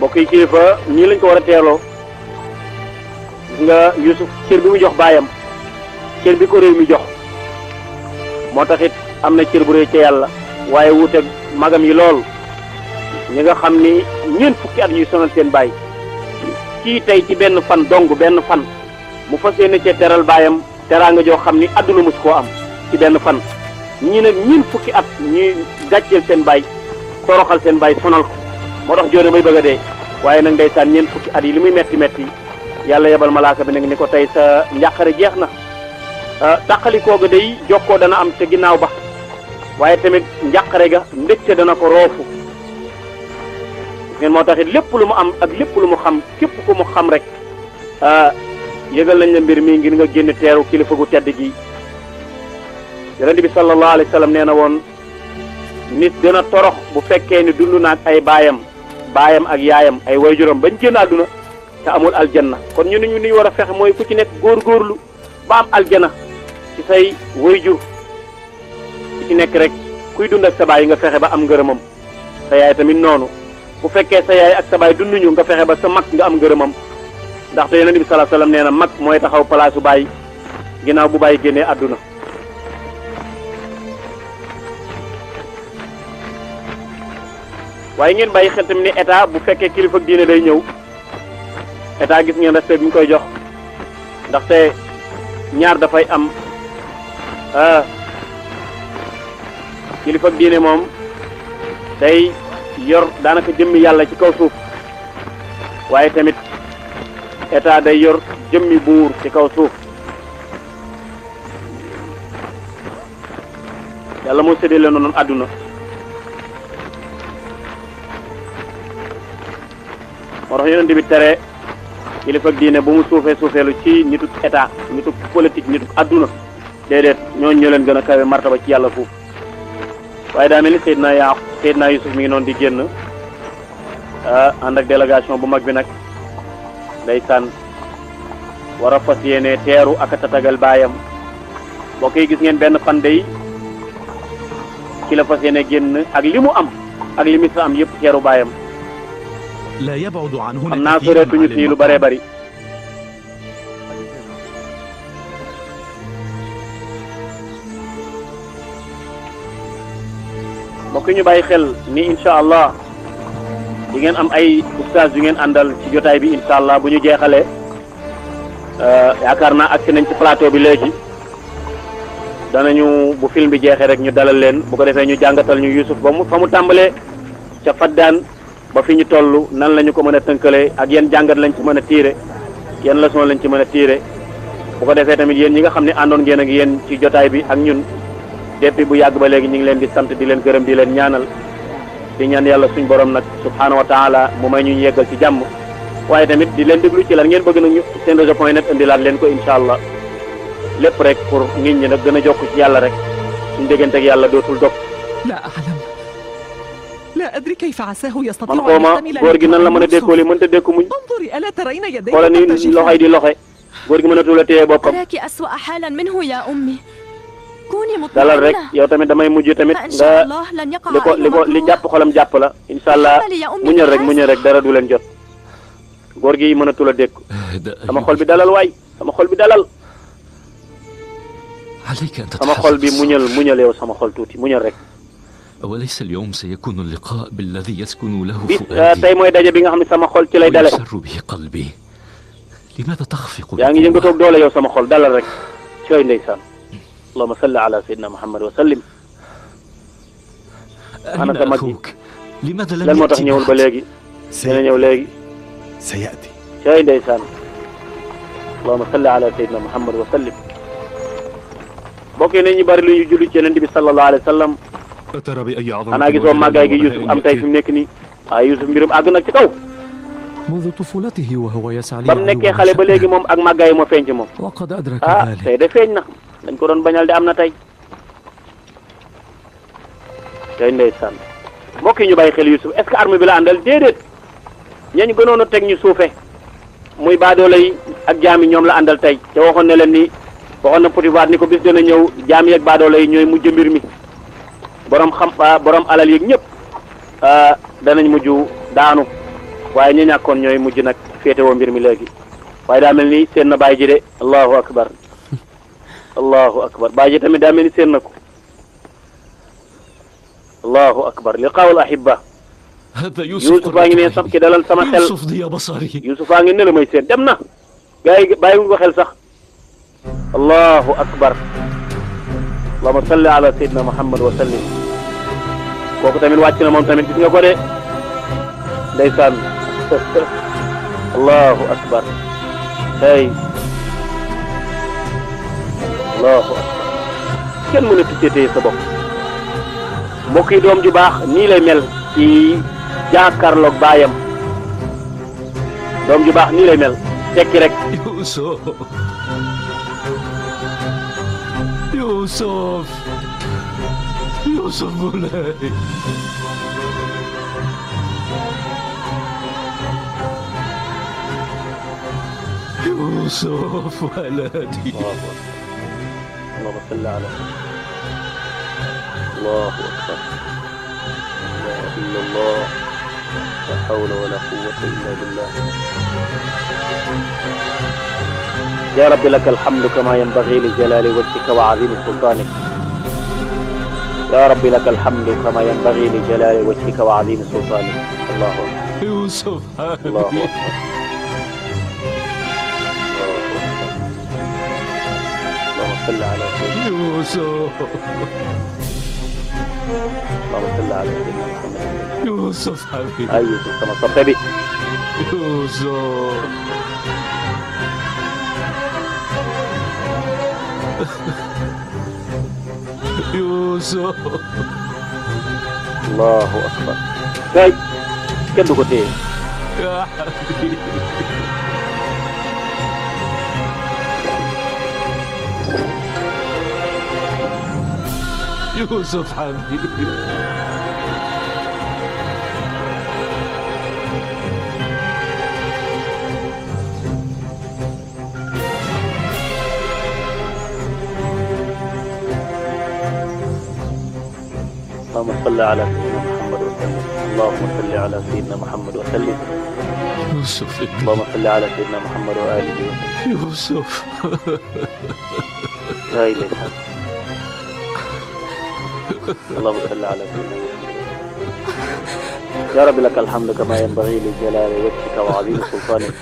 mbokk yi kilifa ñii lañ ko war a teeloo nga Yuusuf cër bi mu jox baayam cër bi ko réew mi jox moo tax it am na cër bu rëy ca yàlla waaye wuuteeg magam yi lool ñi nga xam ni ñeent fukki at ñuy sonal seen baay kii tey ci benn fan dong benn fan mu fas yéene cee teral baayam nga joo xam ni àdduna mos koo am ci benn fan ñii nag ñeent fukki at ñuy gàcceel seen baay toroxal seen baay sonal ko moo tax joone may bëgg a dee waaye nag ndeysaan ñeent fukki at yi li muy metti metti yàlla yebal malaaka bi nag ni ko tey sa njàqare jeex na tàqali ah, koo ga day jokkoo dana am te ginnaaw ba waaye tamit njàqare ga ndëcce dana ko roofu ngeen moo taxit lépp lu mu am ak lépp lu mu xam képp ku mu xam rek ah, yëgal nañ la mbir mi ngi nga génn teeru kilifa gu tedd gi yonent bi sallallahu alayhi nee na woon nit dina torox bu fekkee ni dund naag ay baayam baayam ak yaayam ay wayjuram bañ génn àdduna te amul aljanna kon ñu ni ñu niñ war a fexe mooy ku ci nekk góorgóorlu ba am aljana ci say wayjur ku ci nekk rek kuy dund ak sa baay nga fexe ba am ngërëmam sa yaay tamit noonu bu fekkee sa yaay ak sa baay dunduñu nga fexe ba sa mag nga am ngërëmam ndax te na sallallahu alayhi wasallam nee na mag mooy taxaw palaasu baay ginnaaw bu baay génnee àdduna waaye ngeen bàyyi xel tamit ne état bu fekkee kilifa diine day ñëw état gis ngeen respect bi ñu koy jox ndaxte ñaar dafay am kilifa diine moom day yor daanaka jëmmi yàlla ci kaw suuf waaye tamit état day yor jëmmi buur ci kaw suuf yàlla moo séddale noonu àdduna moo tax yonente bi tere kilifa diine bu mu suufee suufeelu ci nitu état nitu politique nitu adduna déedéet ñooñu ñoo leen gën a kawe martaba ci yàlla foofu waaye daa mel ni Seydina Yaaqub na Yusuf mi ngi noonu di génn ah, ànd ak délégation bu mag bi nag ndeysaan war a fas yéene teeru ak a tatagal baayam mbokk yi gis ngeen benn fan dey ci fas yéene génn ak li mu am ak li mu am yëpp teeru baayam xam naa soreetuñu fii lu bëree bëri. mbokk ñu bàyyi xel ni incha allah di ngeen am ay ustaas yu ngeen àndal ci jotaay bi incha allah bu ñu jeexalee euh, yaakaar naa agsi nañ ci plateau bi léegi danañu bu film bi jeexee rek ñu dalal leen bu ko defee ñu jàngatal ñu Yusuf ba mu fa mu tàmbalee ca Faddaan. ba fi ñu toll nan la ñu ko mën a tënkalee ak yan jàngat lañ ci mën a tiire yan leçon lañ ci mën a tiire bu ko defee tamit yéen ñi nga xam ne àndoon ngeen ak yéen ci jotaay bi ak ñun depuis bu yàgg ba léegi ñu ngi leen di sant di leen gërëm di leen ñaanal di ñaan yàlla suñ borom nag subhaanahu wa taala mu may ñu yeggal ci jàmm waaye tamit di leen déglu ci lan ngeen bëgg nañu seen réseau point net indilaat leen ko incha allah lépp rek pour nit ñi nag gën a jokk ci yàlla rek suñ déggante yàlla dootul dog أدري كيف عساه يستطيع man xawma góor gi nan la mën a dékkooli mënta dékku muñ xoolal ni loxoy di loxe góor gi mënatul a téye boppam dalal rek yow tamit damay mujj tamit nga li ko li ko li jàpp xolam jàpp la incha allah muñal rek muñal rek dara du leen jot góor gi mënatul a dékku sama xol bi dalal waay sama xol bi dalal sama xol bi muñal muñal yow sama xol tuuti muñal rek وليس اليوم سيكون اللقاء بالذي يسكن له فؤادي tey mooy daje bi nga xam ne sama xol ci lay dale ويسر به قلبي لماذا تخفق yaa ngi yëngatoog doole yow sama xol dalal rek cooy ndeysaan اللهم صل على سيدنا محمد وسلم أنا sama mag لماذا لم يأتي lan moo tax ñëwul ba léegi dina ñëw léegi سيأتي cooy ndeysaan اللهم صل على سيدنا محمد وسلم bokk nañu bari lu ñu julli ci yonent bi sallallahu alayhi wa sallam xanaa gisoo màggaay gi Youssouf am tey fi mu nekk nii waaye Youssouf mbirum àgg nag ci kaw. ba mu nekkee xale ba léegi moom ak màggaay moo feeñ ci moom. ah tey de feeñ na dañ ko doon bañal di am na tey. tey ndeysaan mbokk yi ñu bay xel Youssouf est arme bi la àndal déedéet ñañ gënoon a teg ñu suufe muy baadoolo yi ak jaam yi ñoom la àndal tey te waxoon ne leen ni waxoon na Potifar ni ko bis dana ñëw jaam yi ak baadoolo yi ñooy mujj mbir mi. borom xam ah, borom alal yeeg ñëpp ah, danañ mujj daanu waaye ñu ñàkkoon ñooy mujj nag féetewoo mbir mi léegi waaye daa mel ni seen na bàyyi ji de allahu akbar allahu akbar bàyyi ji tamit daa mel ni seen na ko allahu akbar liqaawul ahibba yusuf a ngi ne sax ki dalal sama xel yusuf a ngi ne la may seen dem na gaa yi bàyyi sax ko xel sax allahu akbar allahuma salli ala sayyidina muhammad wa kooku tamit wàcc na moom tamit gis nga ko de ndeysaan allahu akbar hey allahu akbar kenn mën a tuccatee sa bopp mbokk yi doom ju baax nii lay mel ci jàkkaarloog baayam doom ju baax nii lay mel tekki rek Io sono lei. يوسف ولدي الله أكبر اللهم صل على الله أكبر لا إله إلا الله لا حول ولا قوة إلا بالله يا رب لك الحمد كما ينبغي لجلال وجهك وعظيم سلطانك yaa rabbi laka alhamdu kama yanbagi li jalaali wajhika wa azimi sultaanik allahu akbar Yusuf allahu akbar اللهم صل على سيدنا يوسف اللهم صل على سيدنا محمد يوسف حبيبي اي يوسف كما صرت بي يوسف Yuusuf allahu akbar kay kenn du ko téye yaa Habib Yuusuf Habib اللهم صل على سيدنا محمد وسلم اللهم صل على سيدنا محمد وسلم يوسف اللهم صل على سيدنا محمد وآله وسلم يوسف لا إله إلا اللهم صل على سيدنا محمد يا رب لك الحمد كما ينبغي لجلال وجهك وعظيم سلطانك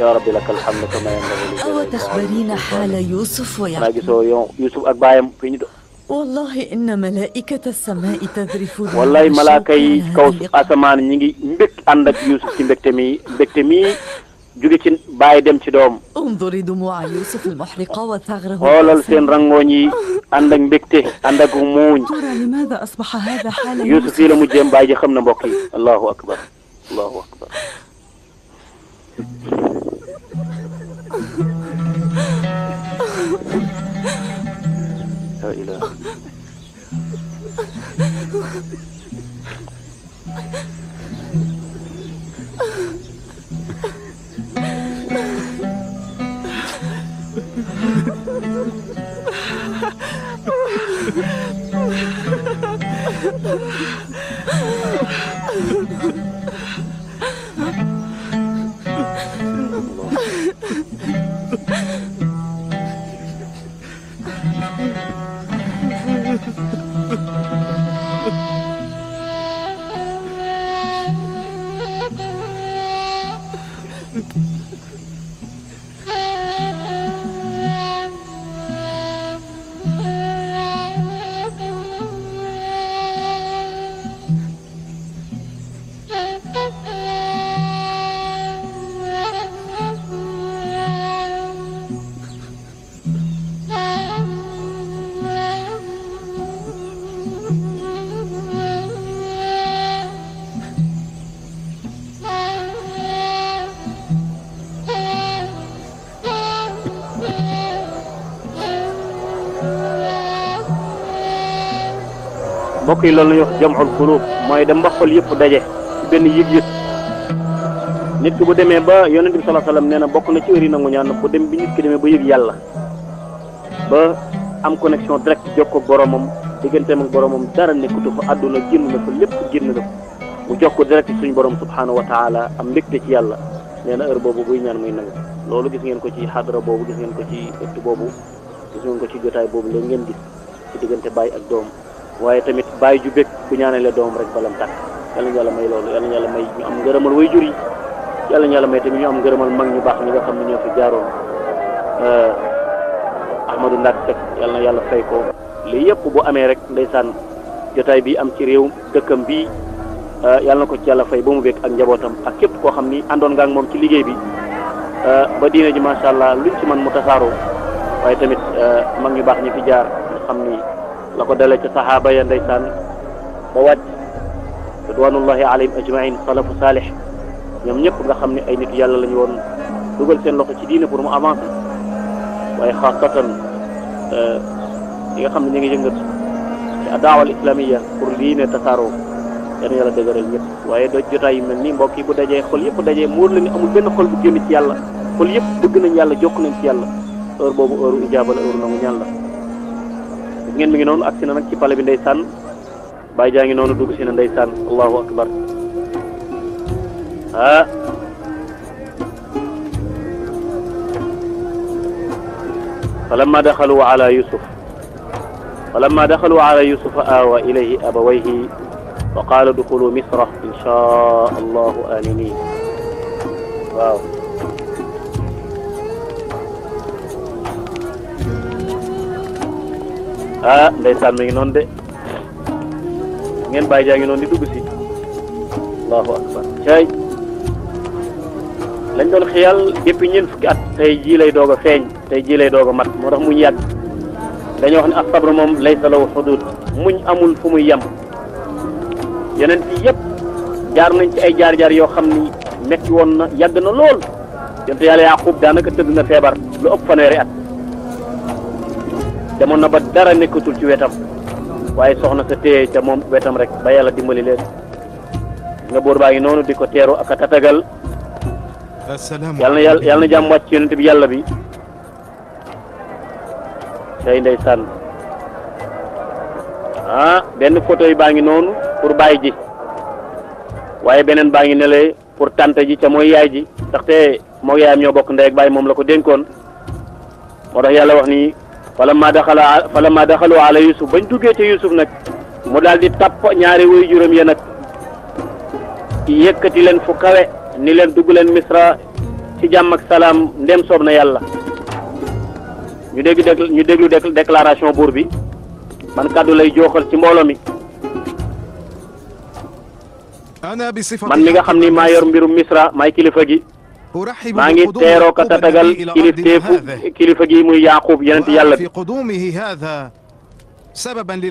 يا رب لك الحمد كما ينبغي لجلال وجهك أو تخبرين حال يوسف ويعقوب يوسف أكبايم في wallahi inna malaikata samaa'i tadrifuna wallahi malaaka yi kaw asamaan ñi ngi mbég ànd ak Yuusuf ci mbégte mi mbégte mi jóge ci bàyyi dem ci doom unzuri dumu'a Yuusuf al-muhriqa wa thaghrahu xoolal seen rangooñ yi ànd ak mbégte ànd ak muuñ limaadha asbaha haadha haala Yuusuf yi la mujjee bàyyi ji xam na mbokk yi allahu akbar allahu akbar ile. Allah. mbokk yi loolu la ñuy wax jamxul xuluub mooy dem ba xol yëpp daje ci benn yëg-yëg bu demee ba yonent bi salaa salaam nee na bokk na ci wér yi nangu ñaan bu dem bi nit ki demee ba yëg yàlla ba am connexion direct jokkoo boromam digganteem ak boromam dara nekkutu fa àdduna génn na fa lépp génn na fa mu jokkoo direct suñ borom subhaanahu wa taala am mbégte ci yàlla nee na heure boobu buy ñaan muy nangu loolu gis ngeen ko ci xadra boobu gis ngeen ko ci ëtt boobu gis ngeen ko ci jotaay boobu léegi ngeen gis ci diggante ak doom waaye tamit bàyyi ju bëgg bu ñaanalee doomam rek balam tàkk yàlla ñu yàlla may loolu yàlla ñu yàlla may ñu am ngërëmal way jur yi yàlla ñu yàlla may tamit ñu am ngërëmal mag ñu baax ñi nga xam ne ñoo fi jaaroon euh, Ahmadou Ndack Seck yàlla yàlla fay ko lii yëpp bu amee rek ndeysaan jotaay bi am ci réew dëkkam bii euh, yàlla ko ci yàlla fay ba mu bëgg ak njabootam ak képp koo xam ni àndoon nga moom ci liggéey bi euh, ba diine ji macha allah luñ ci man mu tasaaroo waaye tamit mag ñu baax ñi fi jaar xam ni la ko dale ci saxaaba ya ndeysaan ba wàcc ridwanullahi alayhim ajmain salafu saalih ñoom ñëpp nga xam ne ay nit yàlla lañu woon dugal seen loxo ci diine pour mu avancer waaye xaasatan yi euh, nga xam ne ñu ngi yëngatu ci adaawal islamiya pour diine tasaaroo yal na yàlla dëgëral ñëpp waaye doj jotaay yu mel nii mbokk yi bu dajee xol yëpp dajee muur la ni amul benn xol bu génn ci yàlla xol yëpp bëgg nañ yàlla jokk nañ ci yàlla heure boobu heure u ijaaba la nangu ñaan la gis ngeen mi ngi noonu agsi na nag ci pale bi ndeysaan Baye jaa ngi noonu dugg si na ndeysaan allahu akbar ah falamma daxalu ala yusuf falamma daxalu ala yusufa awa ilayhi abawayhi wa qaala duxulu misra insha allahu aminin waaw ah ndeysaan mi ngi noonu de ngeen bàyyi jaa ngi noonu di dugg si allahu akbar cay lañ doon xiyal depuis ñeent fukki at tey jii lay doog a feeñ tey jii lay doog a mat moo tax muñ yàgg dañoo wax ne ak sabr moom laysa lahu xudud muñ amul fu muy yem yeneen yi yëpp jaar nañ ci ay jaar-jaar yoo xam ni metti woon na yàgg na lool yonte yàlla Yaaqub daanaka tëdd na feebar lu ëpp fanweeri at demoon na ba dara nekkatul ci wetam waaye soxna sa téye ca moom wetam rek ba yàlla dimbali leen nga boor baa ngi noonu di ko teeru ak a tatagal yàlla na yàlla yàlla na jàmm wàcc yonent bi yàlla bi tey ndeysaan ah benn photo yi baa ngi noonu pour baay ji waaye beneen baa ngi nelee pour tante ji ca mooy yaay ji ndaxte moo yaayam ñoo bokk ndey ak baay moom la ko dénkoon moo tax yàlla wax ni falammaa daxala falammaa daxalu ala yusuf bañ duggee ca yusuf nag mu daal di tapp ñaari way juróom ya nag yëkkati leen fu kawe ni leen dugg leen misra ci jàmm ak salaam ndem soob na yàlla ñu dégg ñu déglu déclaration buur bi man kàddu lay jooxal ci mbooloo mi man mi nga xam ni mayor yor mbirum misra may kilifa gi maa ngi teeroo ka tatagal kilifteefu kilifa gi muy Yaaqub yonent yàlla bi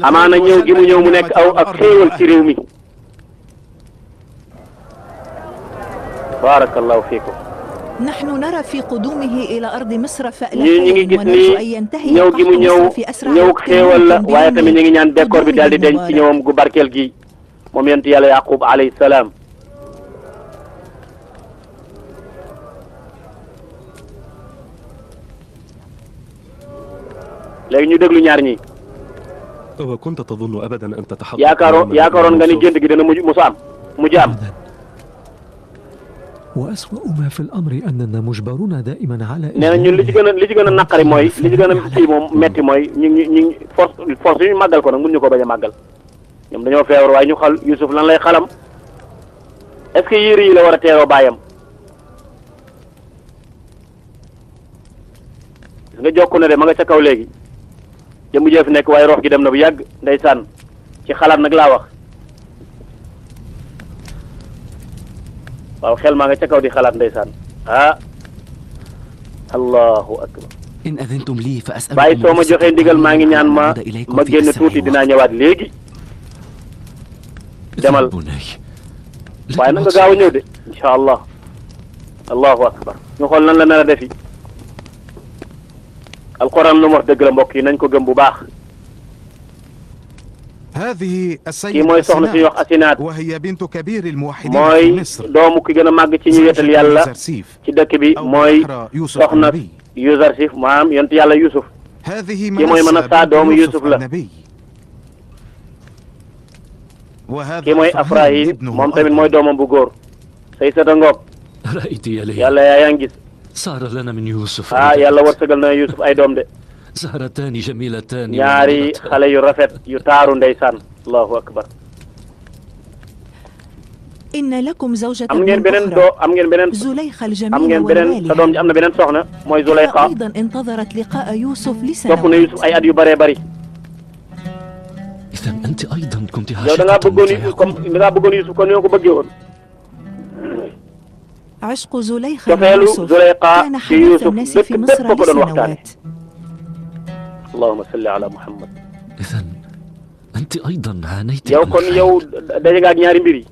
amaana ñëw gi mu ñëw mu nekk aw ak xéewal ci réew mi baarakallahu fiikum نحن نرى في قدومه إلى أرض مصر فألحة ونرجو أن ينتهي القحط مصر في أسرع ñëw xéewal la waaye tamit ñu ngi ñaan décor bi daal di denc ci ñëwam gu barkeel gi moom yonent yàlla Yaaqub alayhi salaam léegi ñu déglu ñaar ñi. wa kunta tadunnu abadan an yaakaaroon nga ni gént gi dana mujj mu am mu jaam. wa aswa'u ma fi al-amri annana mujbaruna da'iman ala. nee na ñun li ci gën a li ci gën a naqari mooy li ci gën a kii moom metti mooy ñu ngi ñu ngi force force yu ñu màggal ko nag mën ñu ko bañ a màggal. ñoom dañoo feebar waaye ñu xal Youssouf lan lay xalam est-ce que yére yi la war a teeroo baayam. gis nga jokk na de ma nga ca kaw léegi. jëmm jee fi nekk waaye rox gi dem na bu yàgg ndeysaan ci xalaat nag laa wax waaw xel maa nga ca kaw di xalaat ndeysaan ah allahu akbar bàyyi soo ma joxee ndigal maa ngi ñaan ma ma génn tuuti dinaa ñëwaat léegi demal waaye na nga gaaw a ñëw de incha allah akbar ñu xool nan la nar a defi alxuraan lu mu wax dëgg la mbokk yi nañ ko gëm bu baax kii mooy soxna si ñuy wax asinaat mooy doomu ki gën a màgg ci ñu wetal yàlla ci dëkk bi mooy soxna Yuzarsif maanaam yonent yàlla Yusuf kii mooy Manassa doomu Yusuf la kii mooy Afrahim moom tamit mooy doomam bu góor say sata ngoog yàlla yaa yaa ngi gis saara lana min Youssouf. ah yàlla wërsëgal na Youssouf ay doom de. saara taani jamila taani. ñaari xale yu rafet yu taaru ndeysaan. allahu akbar. inna lakum zawjatan am ngeen beneen doo am ngeen beneen. Zulayxa al-jamiila am ngeen beneen sa doom ji am na beneen soxna. mooy Zulayxa aydan intadarat liqaa Youssouf li sanawat topp na Youssouf ay at yu bëree bëri. idan anti aydan kunti. yow da ngaa bëggoon Youssouf comme da ngaa bëggoon Youssouf kon ñoo ko bëggee woon. cofeelu Zuleyxa ci Yuusuf dëkk bépp ko doon waxtaane allahuma salli ala muhammad yow kon yow daje nga ak ñaari mbir yi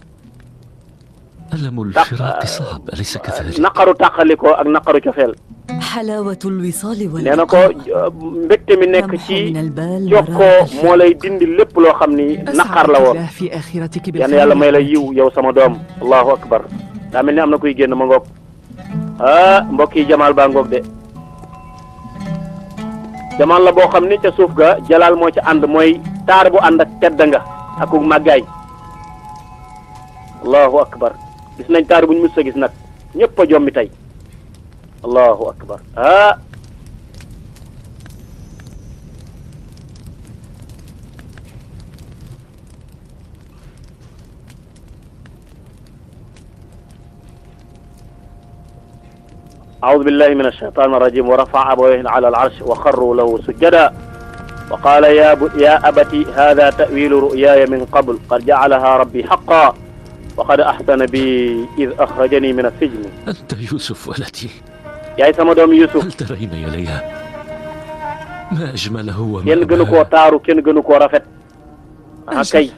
naqaru tàqali ko ak naqaru cofeel nee na ko mbégte mi nekk ci jokkoo moo lay dindi lépp loo xam ni naqar la woon yan yàlla may la yiw yow sama doom allahu akbar daa ni am na koy génn ma ngoog ah mbokk yi jamaal baa ngoog de jamaal la boo xam ni ca suuf ga jalaal moo ci ànd mooy taar bu ànd ak tedd nga ak màggaay allahu akbar gis nañ taar bu ñu mus a gis nag ñëpp a jommi tey allahu akbar ah أعوذ بالله من الشيطان الرجيم ورفع أبويه على العرش وخروا له سجدا وقال يا يا أبت هذا تأويل رؤياي من قبل قد جعلها ربي حقا وقد أحسن بي إذ أخرجني من السجن أنت يوسف ولدي يا سمدوم يوسف هل ترين إليها ما أجمله وما كن جنكو تارو كن جنكو رفت هكي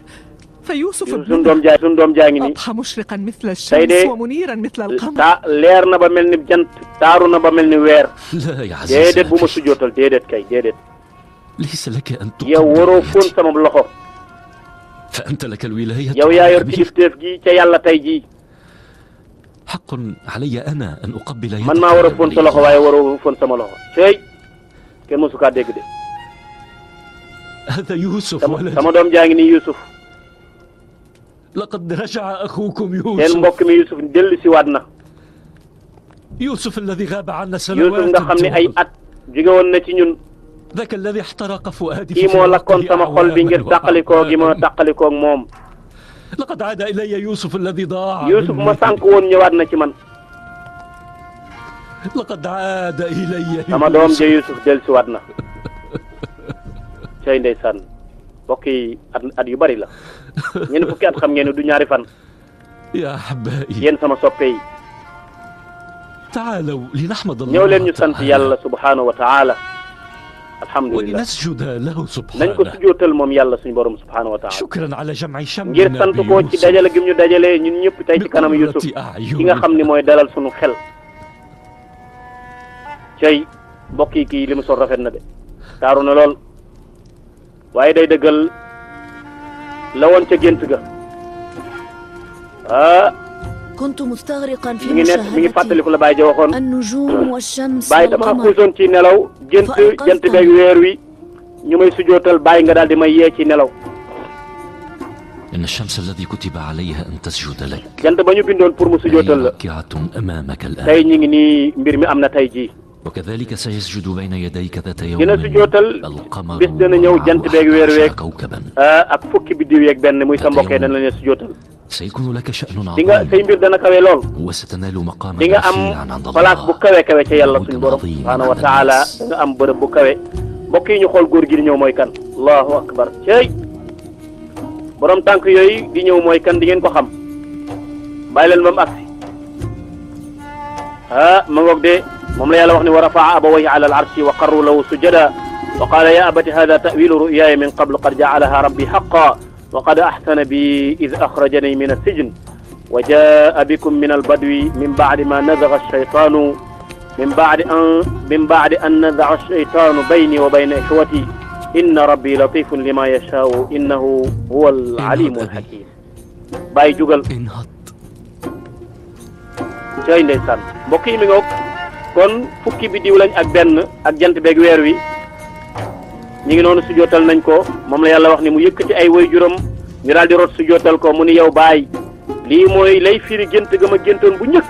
Yusuf suñ doom jaay suñ doom jaa ngi nii tey de taa leer na ba mel ni jant taaru na ba mel ni weer déedéet bu ma sujjootal déedéet kay déedéet yow waroo fóon sama loxo yow yaa yor kilifteef gi ca yàlla tey jii man maa war a fóon sa loxo waaye waroo fóon sama loxo tey kenn mosu kaa dégg de sama doom jaa ngi nii Yusuf laqad rajaa axukum Yuusuf seen mbokk mi Youssouf dellu si waat na. Youssouf alladi gaaba anna sanawaat Youssouf nga xam ne ay at. jóge woon na ci ñun. daka alladi ixtaraqa fuaadi kii moo lakkoon sama xol bi ngir tàqalikoo gi ma tàqalikoo moom. laqad aada ilayya Youssouf alladi daa. Youssouf ma sànq woon ñëwaat na ci man. laqad aada ilayya sama doom ja Youssouf dellu si waat na. cay ndeysaan mbokk yi at at yu bari la. ñeen fukki at xam ngeen ne du ñaari fan. yaa xabaayi yéen sama soppe yi. taalaw li naxmad allah ñëw leen ñu sant yàlla subhaanahu wa taala. alhamdulilah wa nasjuda lahu subhaanahu nañ ko sujootal moom yàlla suñu borom subhaanahu wa taala. shukran ala jamci shamina ngir sant ko ci dajale gi ñu dajalee ñun ñëpp tey ci kanam Yusuf ki nga xam ne mooy dalal suñu xel. cey mbokk yi kii li mu sol rafet na de taaru lool waaye day dëggal. la ca gént ga ah. kuntu mustagriqan fi mi ngi nekk mi ngi fàttaliku la Baye ja waxoon. Baye dama xuusoon ci nelaw. gént jant beeg weer wi ñu may sujootal Baye nga daal di may yee ci nelaw. inna ash-shamsa allati kutiba alayha an tasjuda lak. jant ba ñu bindoon pour mu sujootal la. tey ñu ngi nii mbir mi am na tey jii. وكذلك سيسجد بين يديك ذات يوم dina sujootal bés dana ñëw jant beeg weer weeg ak fukki biddiw yeeg benn muy sa mbokk yi dana leen sujootal سيكون لك شأن عظيم di nga say mbir dana kawe lool وستنال مقاما di nga am place bu kawe kawe ca yàlla suñu borom subhanahu wa taala di nga am bërëb bu kawe mbokk yi ñu xool góor gi di ñëw mooy kan allahu akbar cey borom tànk yooyu di ñëw mooy kan di ngeen ko xam bàyyi leen ba mu agsi ah ma ngoog de moom la yàlla wax ne wa rafaa abawayhi ala al arshi wa qarru lahu sujada wa qaala ya abati hada tawilu ruyaaya min qabl qad jaalaha rabbi haqa wa qad ahsana bi id akhrajani min assijn wa jaa bikum min albadwi min baadi ma nazaga alchaytaanu min baadi an min baadi an nazaga alchaytaanu bayni wa bayna ixwati inna rabbi latifun lima yashaau innahu huwa alalimu alhakim bàyyi jugal cay ndeysaan mbokk yi mi ngoog kon fukki biddiw lañ ak benn ak jant beeg weer wi ñu ngi noonu sujjootal nañ ko moom la yàlla wax ni mu yëkkati ay way juróom ñu daal di rot sujjootal ko mu ni yow baay lii mooy lay firi gént ga ma géntoon bu njëkk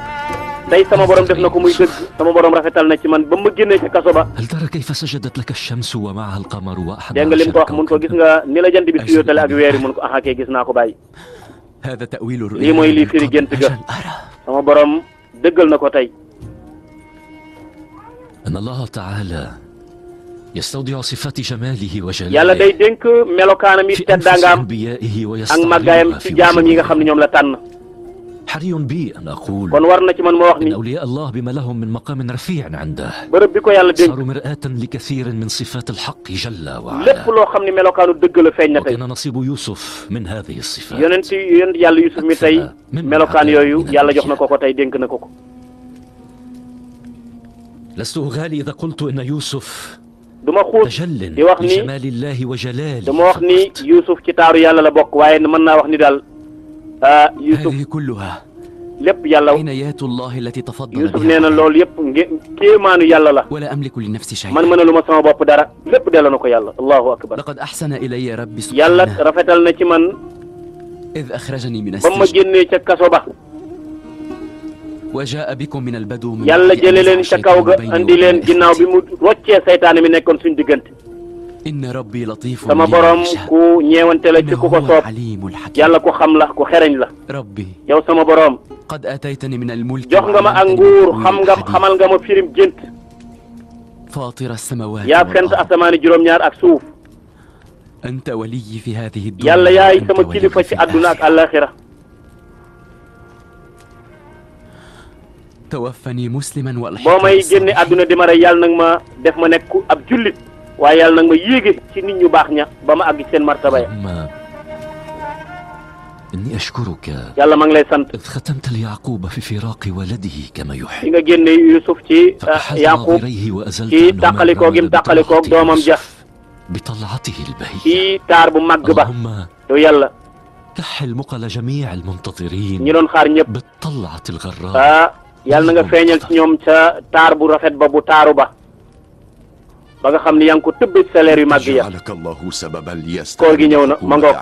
tey sama borom def na ko muy dëgg sama boroom rafetal na ci man ba ma génnee ca kaso ba dégg nga lim ko wax mun ko gis nga ni la jant bi sujjootale ak weer wi mun ko axakee ah, gis naa ko baay lii mooy lii firi gént ga sama borom dëggal na ko tey أن الله تعالى يستودع صفات جماله وجلاله yàlla day dénk melokaanam yi teddaangaam ak màggaayam ci jaamam yi nga xam ne ñoom la tànn. حري بي أن أقول kon war na ci man ma wax ni. إن أولياء الله بما لهم من مقام رفيع عنده bërëb bi ko yàlla dénk صاروا مرآة لكثير من صفات الحق جل وعلا lépp loo xam ne melokaanu dëgg la feeñ na tey. وكان نصيب يوسف من هذه الصفات yonent yonent yàlla Yuusuf mi tey melokaan yooyu yàlla jox na ko ko tey dénk na ko ko لست أغالي إذا قلت أن يوسف duma xuut di wax ni dama wax ni Youssouf ci taaru yàlla la bokk waaye mën naa wax ni daal ah Youssouf lépp yàlla Youssouf nee na loolu yëpp ngeen kéemaanu yàlla la man mën a lu ma sama bopp dara lépp delloo na ko yàlla allahu akbar yàlla rafetal na ci man ba ma génnee ca kaso ba. yàlla jële leen ca kaw ga andi leen ginnaaw bi mu roccee saytaane mi nekkoon suñ diggante sama borom ku ñeewante la ci ku ko soob yàlla ku xam la ku xereñ la yow sama borom jox nga ma ak nguur xam nga xamal nga ma firim gént yaa fent asamaani juróom-ñaar ak suuf yàlla yaay sama kilifa ci àdduna ak àllaaxira tawaffani musliman wa boo may génne àdduna di ma rey yàlla nag ma def ma nekk ab jullit waaye yàlla nag ma yéege ci nit ñu baax ña ba ma àgg seen martaba ya inni ashkuruka yàlla ma ngi lay sant xatamta li yaquba fi firaqi waladihi kama yuhib di nga génne yusuf ci eh, yaqub ci tàqalikoo gim tàqalikoo doomam ja bi talaatihi lbahiya ci taar bu màgg ba yow yàlla كحل مقل جميع المنتظرين ñi doon xaar ñëpp بالطلعة الغراء yàlla na nga feeñal ci ñoom ca taar bu rafet ba bu taaru ba ba nga xam ne yaa ngi ko tëbbee salaire yu màgg ya koor gi ñëw na ma ngoog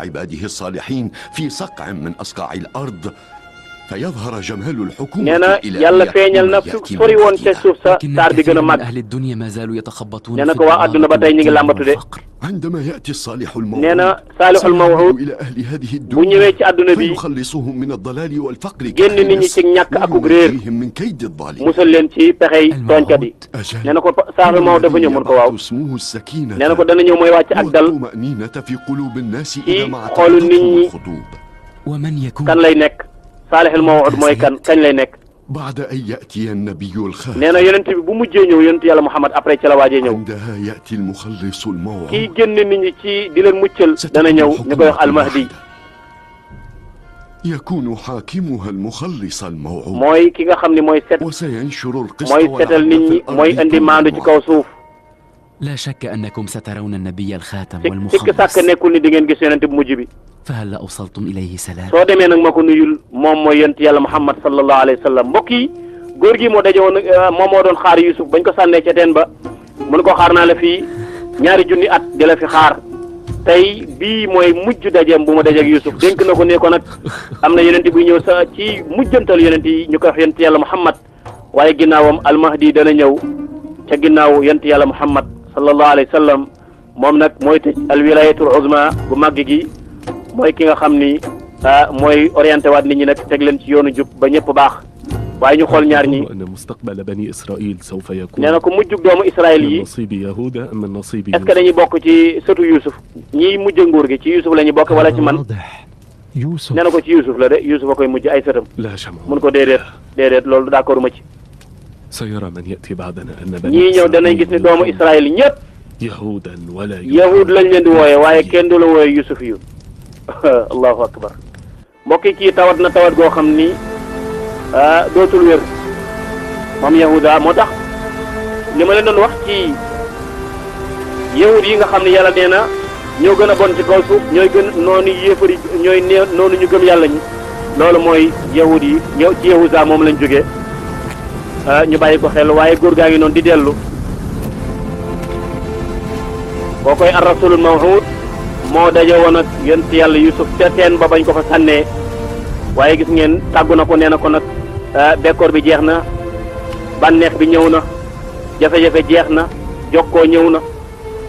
فيظهر جمال الحكومة nee na yàlla feeñal na fi sori woon ca suuf sa taar bi gën a màgg nee na ko waa adduna ba tey ñu ngi làmbatu de nee na saalixul mawuud bu ñëwee ci adduna bi génn nit ñi ci ñàkk akug réer musal leen ci pexey tooñkat yi nee na ko saalixul mawuud dafa ñëw mun ko waaw nee na ko dana ñëw mooy wàcc ak dal ci xoolu nit ñi kan lay nekk saalixil mawuud mooy kan kañ lay nekk baada an yatiya annabiyyu alxaalis nee na yonent bi bu mujjee ñëw yonent yàlla Muhammad après ci la waajee ñëw indaha yati almuxallisu almawuud kii génn nit ñi ci di leen muccal dana ñëw ñu koy wax almahdi yakunu xaakimuha almuxallis almawuud mooy ki nga xam ne mooy set mooy setal nit ñi mooy andi maandu ci kaw suuf laa shakka sa satarawna nabiyya alxaatam walmuxammas sikk sàkk nekkul ni di ngeen gis yonent bu mujj bi. fa hal awsaltum ilayhi salaam. soo demee nag ma ko nuyul moom mooy yonent yàlla Muhammad sallallahu alayhi wa sallam mbokk yi góor gi moo daje woon ah, moom moo doon xaar Youssouf bañ ko sànnee ca teen ba mun ko xaar naa la fii ñaari junni at di la fi xaar tey bii mooy mujj dajeem bu ma dajeeg Youssouf dénk na ko ne ko nag am na yonent buy ñëw sa ci mujjantal yonent yi ñu koy wax yonent yàlla Muhammad waaye ginnaawam almahdi dana ñëw ca ginnaaw yonent yàlla Muhammad sallallahu alayhi wa sallam moom nag mooy tëj alwilayatul uzma bu màgg gi mooy ki nga xam ni ah, mooy orienté waat nit ñi nag teg leen ci yoonu jub ba ñëpp baax waaye ñu xool ñaar ñi nee na ko mujjug doomu Israël yi est-ce que dañuy bokk ci sëtu Yuusuf ñiy mujj nguur gi ci Yuusuf la ñuy bokk wala ci man nee na ko ci Yuusuf la de Yuusuf a koy mujj ay sëtam mun ko déedéet déedéet loolu d'accord ma ci sayara man yati baadana anna bani ñii ñëw danañ gis ne doomu Israël ñëpp. yahudan wala yahud lañ leen di wooyee waaye kenn du la wooyee yusuf yu allahu akbar mbokk kii tawat na tawat goo xam ni ah dootul wér moom yahuda moo tax li ma leen doon wax ci yahud yi nga xam ne yàlla nee na ñoo gën a bon ci kaw ñooy gën noonu yéefar ñooy nee noonu ñu gëm yàlla ñi loolu mooy yahud yi ñëw ci yahuda moom lañ jóge Ah, ñu bàyyi ko xel waaye góor gaa ngi noonu di dellu koo koy ar rasulul mawhud moo daje woon ak yonent yàlla yusuf ca teen ba bañ ko fa sànnee waaye gis ngeen tàggu na ko nee na ko nag ah, bekkoor bi jeex na bànneex bi ñëw na jafe-jafe jeex na jokkoo ñëw na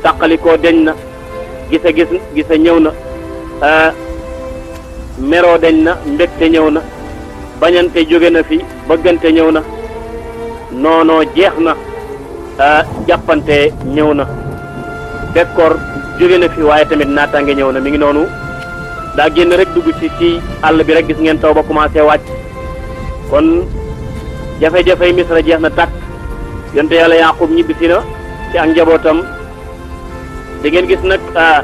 tàqalikoo deñ na gise gis gise ñëw na ah, meroo deñ na mbégte ñëw na bañante jóge na fi bëggante ñëw na noonoo jeex na ah, jàppante ñëw na bekkoor jóge na fi waaye tamit naataange ñëw na mi ngi noonu daa génn rek dugg ci ci àll bi rek gis ngeen taw ba commencé wàcc kon jafe-jafey misra jeex na tàkk yonte yàlla yaqub ñibbisi na ci ak njabootam di ngeen gis nag ah,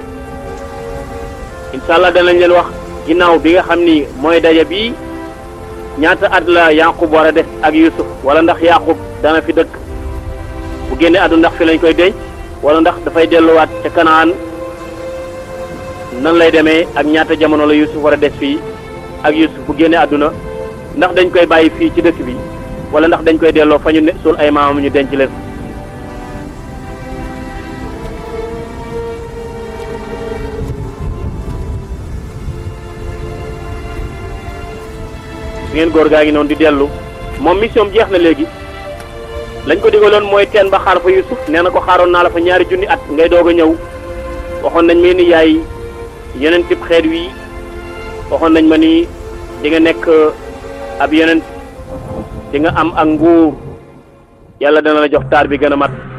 incha allah danañ leen wax ginnaaw bi nga xam ni mooy daja bii ñaata at la yaqub war a def ak yusuf wala ndax yaqub dana fi dëkk bu génne àdduna ndax fi lañ koy denc wala ndax dafay delluwaat ca kanaan nan lay demee ak ñaata jamono la yusuf war a def fii ak yusuf bu génne àdduna ndax dañ koy bàyyi fii ci dëkk bi wala ndax dañ koy delloo fa ñu ne suul ay maamam ñu denc leen bi ngeen góor gaa ngi noonu di dellu moom mission jeex na léegi lañ ko digaloon mooy teen ba xaar fa Yusuf nee na ko xaaroon naa la fa ñaari junni at ngay doog a ñëw waxoon nañ ma ni yaay yeneen tib xeet wi waxoon nañ ma ni di nga nekk uh, ab yeneen di nga am ak nguur yàlla dana la jox taar bi gën a mat